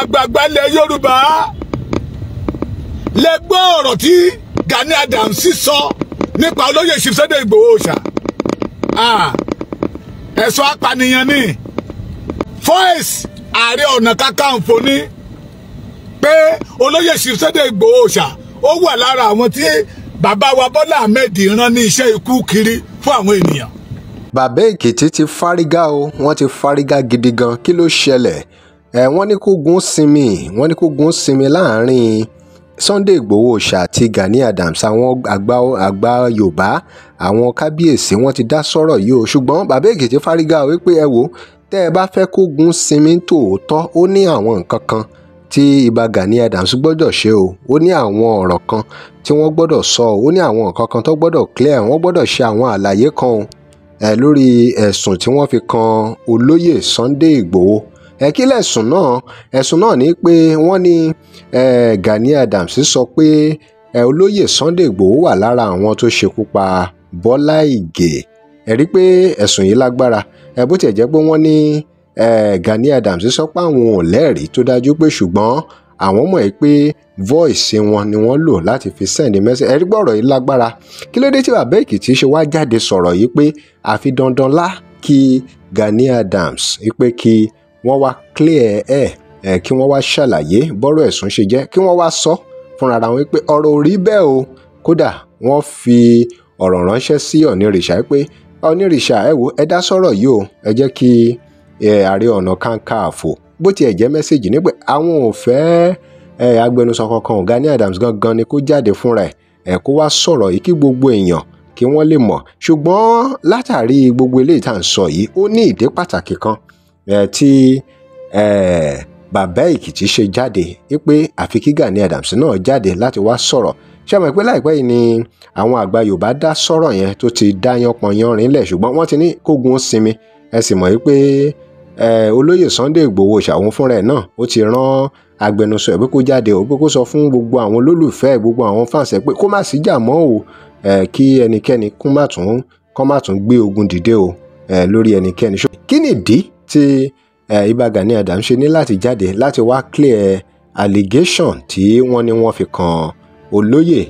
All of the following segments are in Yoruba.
àgbààgbà ilẹ̀ Yorùbá lẹ gbọ́ ọ̀rọ̀ tí Gani Adams sọ nípa olóyè Sunday Ìgbòho Òòṣà ẹ̀sùn apànìyàn ni Foyce Ààrẹ Ọ̀nà kaka ni pé olóyè Sunday Ìgbòho Òòṣà ó wà lára àwọn tí bàbá wa Bọ́lá Ahmed rán ní iṣẹ́ ikú kiri fún àwọn ènìyàn. Bàbá Èkìtì ti fárígá o wọ́n ti fárígá gidi gan kí ló ṣẹlẹ̀ ẹ wọ́n ní kógun sinmi wọ́n ní kógun sinmi láàrin Sunday Igboho Oòṣà àti Gani Adams àwọn àgbà àgbà Yorùbá àwọn kábíyèsí wọ́n ti dá sọ̀rọ̀ yìí o ṣùgbọ́n bàbá Èkìtì fárígá wípé ẹ wò tẹ́ ẹ bá fẹ́ kógun sinmi tòótọ́ ó ní àwọn nǹkan kan tí ibà Gani Adams gbọ́dọ̀ ṣe o ó ní àwọn ọ̀rọ̀ kan tí wọ́n gbọ́dọ̀ sọ ó ní àwọn nǹkan kan tó gbọ́dọ̀ clear wọ́n gbọ́dọ̀ ṣe àwọn àlàyé kan o ẹ lórí ẹ̀sùn tí wọ́n fi kan olóyè Sunday Igboho ẹ kí lẹ̀sùn náà ẹ̀sùn náà ni pé wọ́n ní Gani Adams sọ pé olóyè Sunday Igboho wà lára àwọn tó ṣekú pa Bọ́lá Ìgè ẹ rí pé ẹ̀sùn yìí lágbára ẹ bó tiẹ̀ jẹ́ pé wọ́n ní Gani Adams sọ pé àwọn ò lẹ́rìí tó dájú pé ṣùgbọ́n àwọn mọ̀ ẹ́ pé voice wọn ni wọ́n lò láti fi send message ẹ̀rí gbọ́rọ̀ yìí lágbára kí ló dé tí bàbá èkìtì ṣe wá jáde sọ̀rọ̀ yìí pé àfi dandan lá kí Gani Adams pé kí wọ́n wá clear ẹ̀ ẹ̀ kí wọ́n wá ṣàlàyé bọ́rọ̀ ẹ̀sùn ṣe jẹ́ kí wọ́n wá sọ fúnra wọn pé ọ̀rọ̀ ò rí o kódà wọ́n fi ọ̀rọ̀ ránṣẹ́ sí ọ̀nìrìṣà pé ọ̀nìrìṣà ẹ wo ẹ dá sọ̀rọ̀ yìí o ẹ jẹ́ kí ààrẹ ọ̀nà kakanfò bó tiẹ̀ jẹ́ mẹ́sẹ̀gì nígbà àwọn ò fẹ́ agbẹnusọ kankan Gani Adams gangan ni kó jáde fúnra ẹ̀ kó wá sọ̀rọ̀ yìí kí gbogbo èèyàn kí wọ́n lè mọ̀ ṣùgbọ́n látàrí gbogbo eléyìí tá à ń sọ yìí ó ní ìdí pàtàkì kan Eh, tí eh, bàbá èkìtì ṣe jáde wípé àfi kí Gani Adams náà jáde láti wá sọ̀rọ̀ ṣé mọ̀ pé láìpẹ́ yìí ni àwọn àgbà Yorùbá dá sọ̀rọ̀ yẹn tó ti dá yánpọn yánrin lẹ̀ ṣùgbọ́n wọ́n ti ní kógun sinmi ẹ sì mọ̀ wípé eh, olóyè Sunday Igboho ṣàwọn fúnra ẹ̀ náà ó ti rán agbẹnusọ ẹ̀ pé kó jáde ó pé kó sọ fún gbogbo àwọn olólùfẹ́ gbogbo àwọn fans ẹ̀ pé kó má síjà mọ́ o kí ẹnikẹ́ni kó má tún gbé ogun dìde o lórí ẹnikẹ́ni. kí nìdí tí Ìbà eh, Gani adam ṣe ní láti jáde láti wá clear allegation tí wọ́n ní wọ́n fi kan olóyè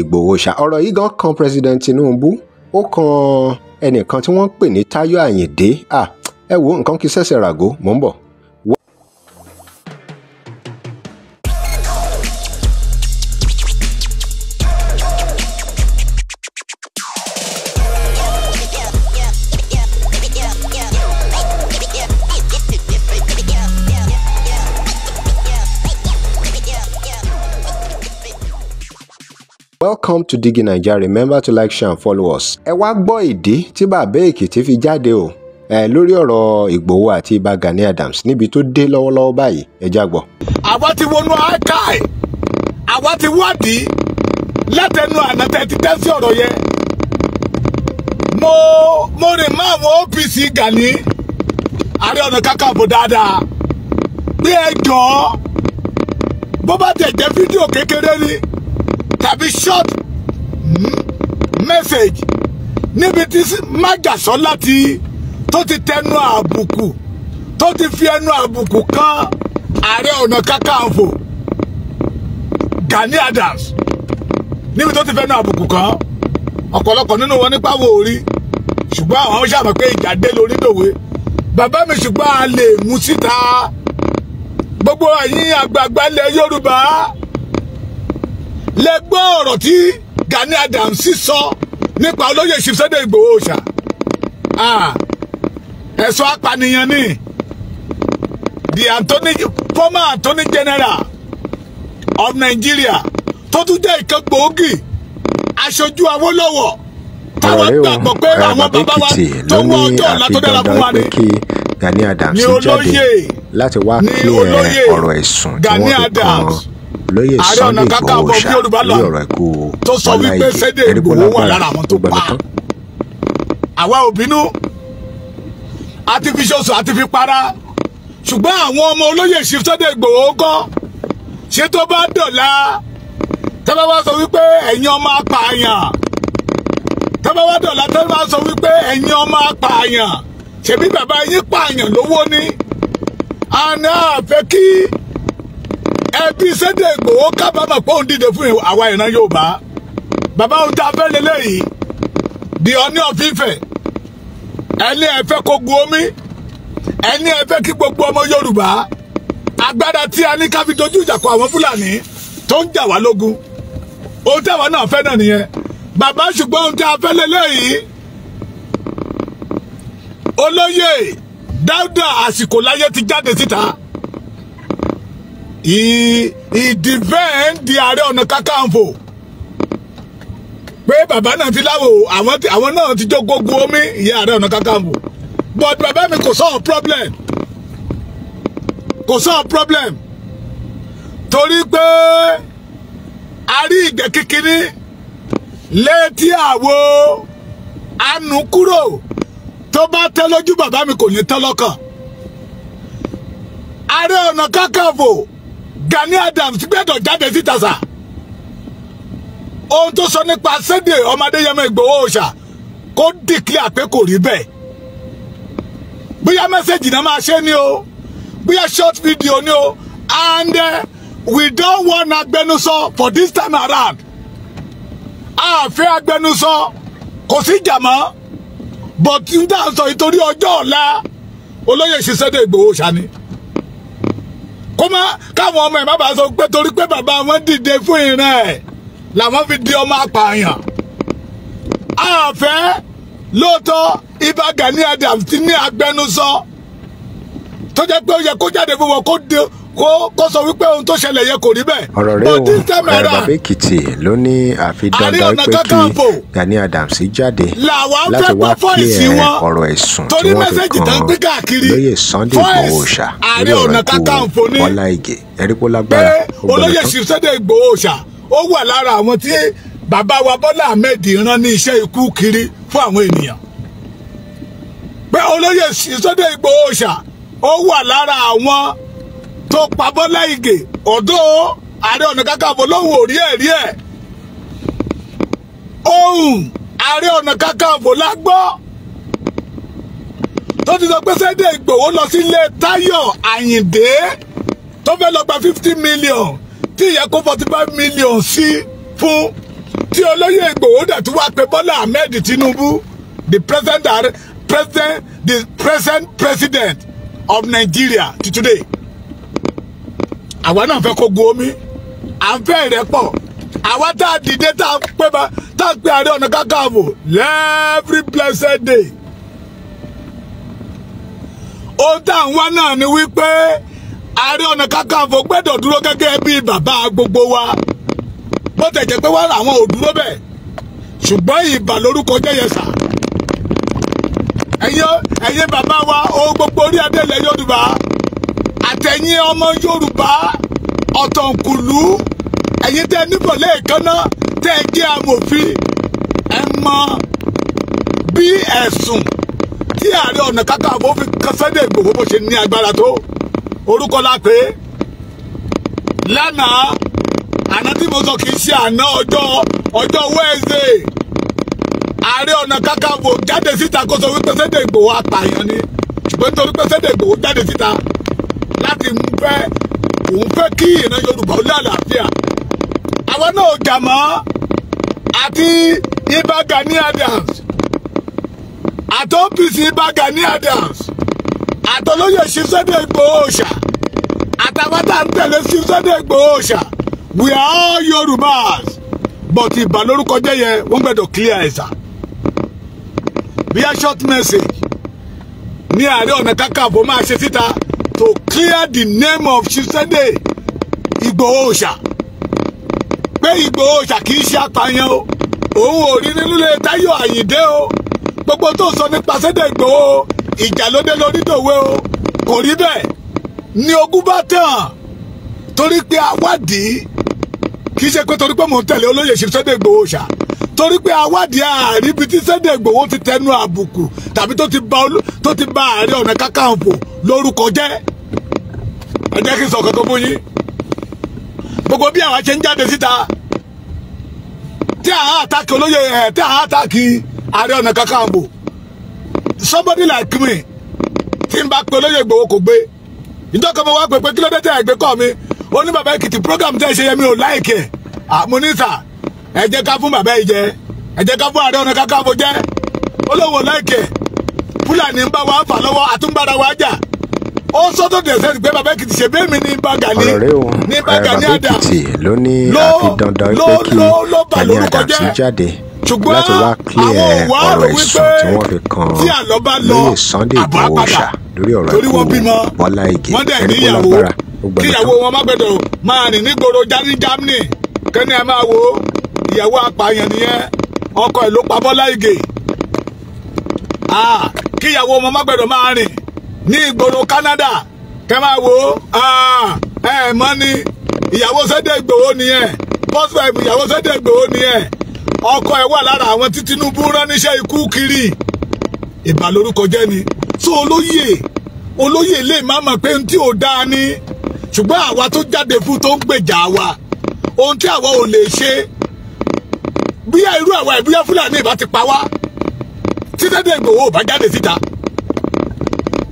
Ìgbòho ṣá ọ̀rọ̀ yìí gan kan president Tinubu ó kan ẹnìkan tí wọ́n ń pè ní Táyọ̀ Àyìndé ẹ wo nǹkan kí sẹ́sẹ̀ ràgó mò ń bọ̀. welcome to Digi Naija remember to like share and follow us. ẹ wá gbọ́ ìdí tí bàbá èkìtì fi jáde o ẹ lórí ọ̀rọ̀ ìgbòho àti ibà Gani Adams níbi tó dé lọ́wọ́lọ́wọ́ báyìí ẹ já gbọ́. àwa ti wọnú àákàì àwa ti wádìí látẹnu àná tẹ ti tẹ́sí yẹn mo mo rìn mọ́ àwọn OPC Gani Ààrẹ Ọ̀nà Kakanfò dáadáa bí ẹ jọ̀ọ́ bó bá tẹ̀ jẹ́ fídíò kékeré ni tàbí short hmm, message níbi tí májàsọ́lá ti tó ti tẹnu àbùkù tó ti fi ẹnu àbùkù kan ààrẹ ọ̀nà kakanfò Gani Adams níbi tó ti fẹnu àbùkù kan ọ̀pọ̀lọpọ̀ nínú wọn nípa wo orí ṣùgbọ́n àwọn ọmọ ṣàmọ̀ pé ìjà dé lórí dòwe bàbá mi ṣùgbọ́n a lè mú síta gbogbo ẹ̀yin àgbààgbà ilẹ̀ Yorùbá lẹ gbọ́ ọ̀rọ̀ tí Gani Adams sọ nípa olóyè Chief Sunday Igboho ṣá ẹ̀sùn apànìyàn ni the Anthony former Attorney General of Nigeria tó tún jẹ́ ìkan gbòógì aṣojú Awólọ́wọ̀ táwọn gbàgbọ́ pé àwọn bàbá wa tó wọ ọjọ́ ọ̀la tó dára fún wa ni Gani Adams jáde láti wá clear ọ̀rọ̀ ẹ̀sùn tí wọ́n fi lóye Sunday Igboho ṣá lórí ọ̀rọ̀ ikú Ọláìyé ẹ̀rígbọ́lá gbára tó gbàgbé tán. àwa ò bínú àti fi ṣoṣo àti fi para ṣùgbọ́n àwọn ọmọ olóyè Sunday Igboho kọ́ ṣé tó bá dọ̀la tẹ́lẹ̀ wá sọ wípé ẹ̀yin ọmọ apààyàn tẹ́lẹ̀ wá dọ̀la tẹ́lẹ̀ wá sọ wípé ẹ̀yin ọmọ apààyàn ṣèbí bàbá yín pààyàn lówó ni àná àfẹ́ kí bí Sunday Igboho kábàámà pé òun dìde fún àwa ìran Yorùbá bàbá ohun tá a fẹ́ lélẹ́yìí di ọní ọ̀fífẹ́ ẹni ẹ fẹ́ kó gun omi ẹni ẹ fẹ́ kí gbogbo ọmọ Yorùbá agbára tí a ní ká fi dojú ìjà kọ àwọn Fúlàní tó ń jà wá lógun ohun táwa náà fẹ́ náà nìyẹn bàbá ṣùgbọ́n ohun tí a fẹ́ lélẹ́yìí olóyè Dáúdà àsìkò láyé ti jáde síta ìdìfẹ́ǹdì ààrẹ ọ̀nà kakanfò pé bàbá náà ti láwò àwọn náà ti jó gbogbo omi ìyá ààrẹ ọ̀nà kakanfò but bàbá mi kò sọ̀rọ̀ problem kò sọ̀rọ̀ problem torí pé a rí ìgbẹ́ kékeré létí àwo anú kúrò tó bá tẹ́ lójú bàbá mi kò ní tẹ́ lọ́kàn ààrẹ ọ̀nà kakanfò. Gani Adams gbẹ́dọ̀ jáde síta sà ohun tó sọ nípa Sunday Ọmọdéyẹmọ Ìgbòho Òòṣà kó dìklẹ́ pé kò rí bẹ́ẹ̀ bóyá mẹ́sẹ̀gì náà máa ṣe ni o bóyá short video ni o and uh, we don't want agbẹnusọ for this time around àfẹ́ agbẹnusọ kò sí ìjà mọ́ but n tà sọ ìtorí ọjọ́ ọ̀la olóyè ṣiṣẹ́ dé Ìgbòho Òòṣà ni kó má káwọn ọmọ ẹ̀ má bàa sọ pé torí pé bàbá wọn dìde fún ìran ẹ̀ làwọn fi di ọmọ apààyàn àfẹ́ lóòótọ́ Ìbà Gani Adams ti ní agbẹnusọ tó jẹ́ pé ó yẹ kó jáde fún wọn kó kó kó sọ wípé ohun tó ṣẹlẹ̀ yẹ kò rí bẹ́ẹ̀. ọ̀rọ̀ rẹ o ọ̀rẹ́ bàbá èkìtì ló ní àfi dandan pé kí Gani Adams jáde láti wá kílẹ̀ ọ̀rọ̀ ẹ̀sùn tí wọ́n fi kan lóye Sunday Igboho ṣá lórí ọ̀rọ̀ ikú Bọ́lá Ìgè ẹ̀rípò lágbára ó gbọ́dọ̀ tán. ó wà lára àwọn tí bàbá wa Bọ́lá Ahmed rán ní iṣẹ́ ikú kiri fún àwọn ènìyàn pé olóyè Sunday Igboho ṣá ó wà lára àwọn tó pa Bọ́lá Ìgè ọ̀dọ́ Ààrẹ Ọ̀nà Kakanfò lóhùn òrí ẹ̀ rí ẹ̀ ohùn Ààrẹ Ọ̀nà Kakanfò la gbọ́ tó ti sọ pé Sunday Ìgbòho lọ sílé Táyọ̀ Àyìndé tó fẹ́ lọ gba fifty million tí ìyẹn kó forty five million sí fún tí olóyè Ìgbòho dẹ̀ tún wá pé Bọ́lá Ahmed Tinubu the president, president the present president of Nigeria to today àwa náà fẹ́ kó gun omi à ń fẹ́ ìrẹ́pọ̀ àwa tá a dìde tá a pé bá tá a pé Ààrẹ Ọ̀nà Kakanfò every blessed day ó tá à ń wá náà ni wípé Ààrẹ Ọ̀nà Kakanfò gbẹ́dọ̀ dúró gẹ́gẹ́ bí bàbá gbogbo wa bó tẹ̀ jẹ́ pé wá làwọn ò dúró bẹ́ẹ̀ ṣùgbọ́n ìbà lórúkọ jẹ́yẹsà ẹ̀yin ẹ̀yin bàbá wa ohun gbogbo orí adé ilẹ̀ Yorùbá àtẹ̀yìn ọmọ Yorùbá ọ̀tọ̀kùlú ẹ̀yin tẹ́ níbọ lẹ́ẹ̀kan náà tẹ́ jẹ́ amòfin ẹ mọ bí ẹ̀sùn tí Ààrẹ Ọ̀nà Kakanfò fi kan Sunday Igboho bó ṣe ní agbára tó orúkọ la pé lánàá àná tí mo sọ kì í ṣe àná ọjọ́ ọjọ́ Wednesday Ààrẹ Ọ̀nà Kakanfò jáde síta kó sọ wípé Sunday Igboho apààyàn ni ṣùgbọ́n torí pé Sunday Igboho jáde síta fẹ́ òun fẹ́ kí ìran Yorùbá ó lálàáfíà àwọn náà ò àti Ìbà Adams àti OPC Ìbà Adams àtọlóyè ṣiṣẹ́dẹ̀ Ìgbòho Òòṣà àtàwọn ń tẹ̀lé ṣiṣẹ́dẹ̀ Ìgbòho Òòṣà we are all Yorùbás but ìbà lórúkọ jẹ́ yẹn wọ́n gbẹ́dọ̀ clear ẹ̀sà bí a short message ní Ààrẹ Ọ̀nà Kakanfò máa ṣe síta to clear the name of Sunday Igboho Oòṣà pé Igboho Oòṣà kì í ṣe apààyàn o òun ò rí nínú ilé Táyọ̀ Àyìndé o gbogbo tó sọ nípa Sunday Igboho ìjà ló dé lórí dòwe o kò rí bẹ́ẹ̀ ni ogún bá tàn torí pé awádìí kì í ṣe pé torí pé mò ń tẹ̀lé olóyè Sunday Igboho Oòṣà torí pé awádìí ààrí ibi tí Sunday Igboho ti tẹnu àbùkù tàbí tó ti ba tó Ọ̀nà Kakanfò lórúkọ jẹ́ ẹ jẹ́ kí n sọ̀kan tó fún yín gbogbo bí àwa ṣe ń jáde síta tí àá àtàkì olóyè ẹ̀ tí àá àtàkì Ààrẹ Ọ̀nà Kakanfò somebody like me tí n bá pe olóyè Igboho kò gbé ìjọkọ̀ wá pé pé kí ló dé tẹ́ ẹ̀ gbé kọ́ mi ó ní bàbá Èkìtì program tẹ́ ẹ ṣe yẹ mi ò láìkẹ̀ àmúnísà ẹ jẹ́ ká fún bàbá yìí jẹ ká fún Ààrẹ Ọ̀nà Kakanfò jẹ olówó láìkè fúlàní ń bá wa fà lọ́wọ́ àtúngbára wa jà ó sọ́tò dẹ̀sẹ̀ pé bàbá Èkìtì ṣe bẹ́ẹ̀ mi ní Bagani ní Bagani àdá ló ló ló ló bà lórúkọ jẹ́ ṣùgbọ́n àwọn òwò wípé tí àlọ́ bá lọ àbọ̀ àpàdà torí wọ́n bímọ wọ́n dẹ̀ níyàwó kíyàwó wọn má gbẹdọ̀ máa rìn nígboro jáde Germany kẹ́ni ẹ máa wò ó ìyàwó apààyàn nìyẹn ọkọ ẹ̀ ló pa Bọ́lá Ìgè kíyàwó ọmọ má gbẹ́dọ̀ máa rìn ní ìgboro Canada kẹ́ máa wò ó ẹ mọ̀ ni ìyàwó Sunday Igboho nìyẹn bọ́sùwẹ̀bù ìyàwó Sunday Igboho nìyẹn ọkọ ẹ̀ wà lára àwọn tí Tinubu rán níṣẹ́ ikú kiri ìbà lórúkọ jẹ́ ni tó olóyè olóyè lè má mọ̀ pé ohun tí ò dáa ni ṣùgbọ́n àwa tó jáde fún tó ń gbèjà wa ohun tí àwa ò lè ṣe bóyá irú àwa ìbúyá fúlàní ìbá ti pa wá títẹ́ dé Ìgbòho ò bá jáde síta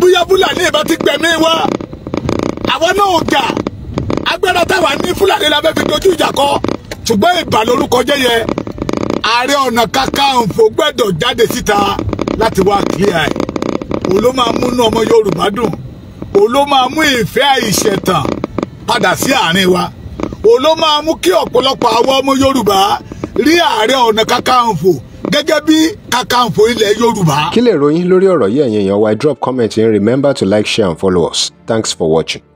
bóyá fúlàní ìbá ti gbẹ̀mí wá àwa náà ò gà agbára táwa ní fúlàní la fẹ́ fi dojú ìjà kọ ṣùgbọ́n ìbà lórúkọ jẹ́ yẹ ààrẹ ọ̀nà kakanfò gbẹ́dọ̀ jáde síta láti wá clear ẹ̀ òun ló máa múnú ọmọ Yorùbá dùn òun ló máa mú ìfẹ́ ìṣẹ̀tàn padà sí àárín wa òun ló máa mú kí ọ̀pọ̀lọpọ̀ àwọn ọmọ Yorùbá rí ààrẹ ọ̀nà kakanfò gẹ́gẹ́ bí kakanfò ilẹ̀ yorùbá. kí lè ròyìn lórí ọ̀rọ̀ yìí ẹ̀yin èèyàn wa drop comment in remember to like share and follow us thanks for watching.